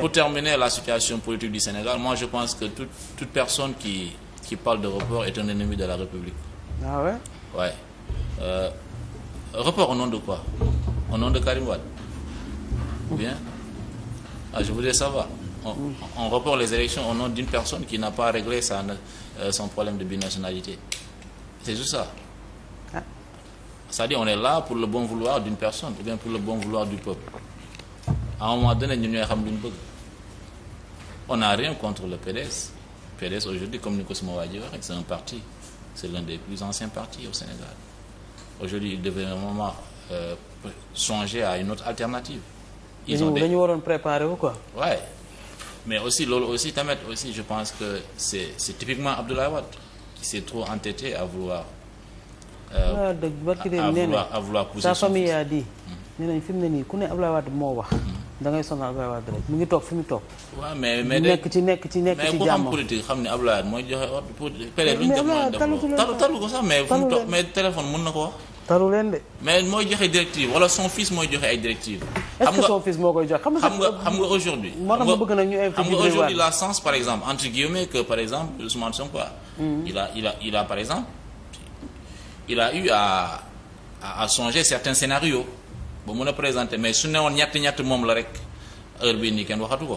pour terminer la situation politique du Sénégal, moi je pense que toute, toute personne qui, qui parle de report est un ennemi de la République. Ah euh, report au nom de Karim Wade Ou bien ah, Je voudrais savoir. On, report les élections au nom d'une personne qui n'a pas réglé sa, euh, son problème de binationalité. C'est juste ça. Ah. C'est-à-dire on est là pour le bon vouloir d'une personne ou bien pour le bon vouloir du peuple. à un moment donné ñun xam lu ñu bëgg on n'a rien contre le PDS PDS aujourd'hui comme ni ko suma waa ji waxee c'est un parti c'est l'un des plus anciens partis au Sénégal aujourd'hui il devait un moment euh, songer à une autre alternative ils ont dañu waroon préparer wu quoi ouais mais aussi loolu aussi tamit aussi je pense que c'est c'est typiquement Abdoulaye Wade qui s'est trop entêté à vouloir euh, ah, à, à vouloir à vouloir pousser sa famille a dit hmm. nee nañ fi mu ne nii ku ne Abdoulaye Wade moo wax hmm. da ngay sonal Abdoulaye Wade rek mu ngi toog fi mu toog. waaw mais mais nekk ci nekk ci nekk ci jàmm mais ku xam politique xam ne Abdoulaye mooy joxe ordre pour période. mais talu talu ko sax mais fu mu toog mais téléphone mën na ko wax. taru leen de. mais mooy joxe directive wala son fils mooy joxe ay directives. xam nga est-ce que son fils moo koy joxe xam nga xam nga aujourd'hui moo tax ma bëgg na ñu invité xam nga aujourd'hui la sens par exemple entre guillemets que par exemple Ousmane Sonko ah, mm-hmm. il a il a il a par exemple il a eu à à songer certains scénarios. ba mën a présenter mais su newoon ñetti ñetti moom la rek heure bii nii kenn waxatu ko.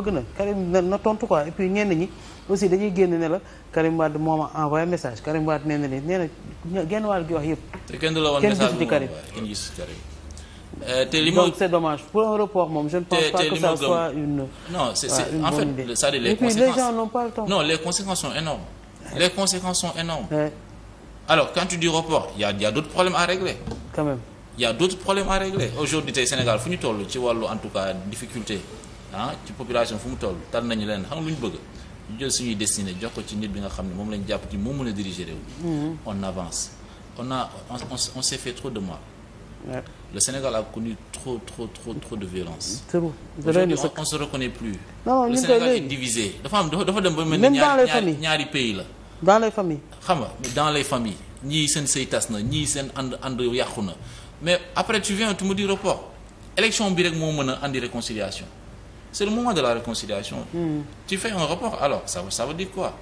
bëgg na Karim na na tontu quoi et puis ñenn ñi aussi dañuy génn ne la Karim Wade moom a envoyé message Karim Wade nee na ni nee na genn wàll gi wax yëpp. te kenn du la woon message bu Karim kenn gis Karim. Euh, te li ma donc c'est dommage pour un report moom je ne pense pas que ça soit une. non c'est c'est en fait c'est-à-dire les conséquences et puis les gens n'ont pas le temps. non les conséquences sont énormes les conséquences sont énormes alors quand tu dis report il y a il y a d'autres problèmes à régler. quand même il y a d'autres problèmes à régler aujourd'hui tey Sénégal fu ñu toll ci wàllu en tout cas difficulté. ah ci population fu mu toll tal nañu leen xam lu ñu bëgg ñu jël suñuy destiné jox ko ci nit bi nga xam ne moom lañu jàpp ci moo mën a diriger réew mi mm-hmm. on avance on a on, on, on s'est fait trop de mal le Sénégal a connu trop trop trop trop de violence aujourd'hui on, on se reconnaît plus non, le Sénégal est divisé dafa am dafa dem ba mel ni ñaari ñaari pays la dans les familles xam nga dans les familles ñii seen sëy na ñii seen ànd ànd yàqu na mais après tu viens tu me dis report élection bi rek moo mën a andi réconciliation c'est le moment de la réconciliation. Hmm. tu fais un report alors ça ça veut dire quoi.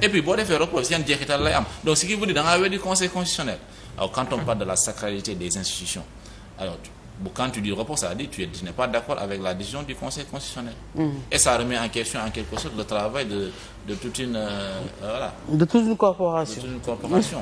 et puis boo defee report yan jeexital lay am donc ce qui veut dire da ngaa weddi conseil constitutionnel. quand on parle de la sacralité des institutions alors quand tu dis report ça veut dire tu, n'es pas d'accord avec la décision du conseil constitutionnel. Mm. et ça remet en question en quelque sorte le travail de de euh, de toute une corporation.